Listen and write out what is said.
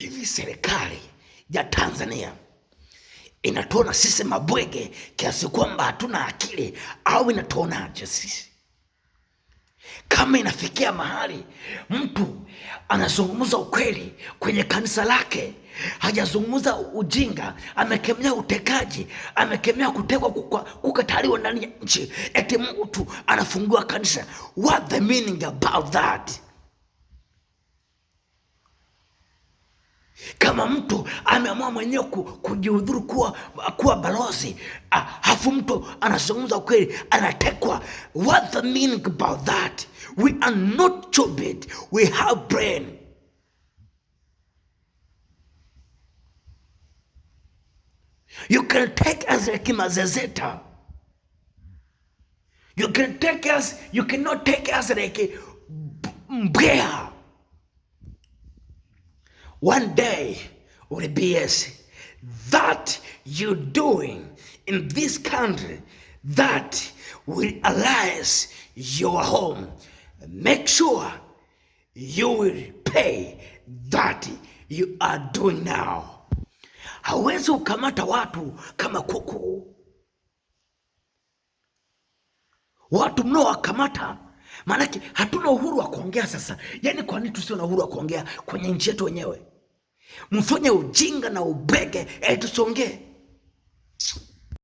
Hivi serikali ya Tanzania inatuona sisi mabwege kiasi kwamba hatuna akili au inatuonaje sisi? Kama inafikia mahali mtu anazungumza ukweli kwenye kanisa lake, hajazungumza ujinga, amekemea utekaji, amekemea kutekwa, kukataliwa ndani ya nchi, eti mtu anafungiwa kanisa. What the meaning about that? Kama mtu ameamua mwenyewe kujihudhuru kuwa, kuwa balozi hafu ah, mtu anazungumza ukweli, anatekwa. What the meaning about that? We are not stupid, we have brain. You can take us like Mazezeta. You can take us, you cannot take us like Mbea one day will be yes that you doing in this country that will arise your home. Make sure you will pay that you are doing now. Hawezi ukamata watu kama kuku. Watu wakamata maanake hatuna uhuru wa kuongea sasa. Yaani, kwa nini tusio na uhuru wa kuongea kwenye nchi yetu wenyewe? mfanye ujinga na ubwege, eh, tusongee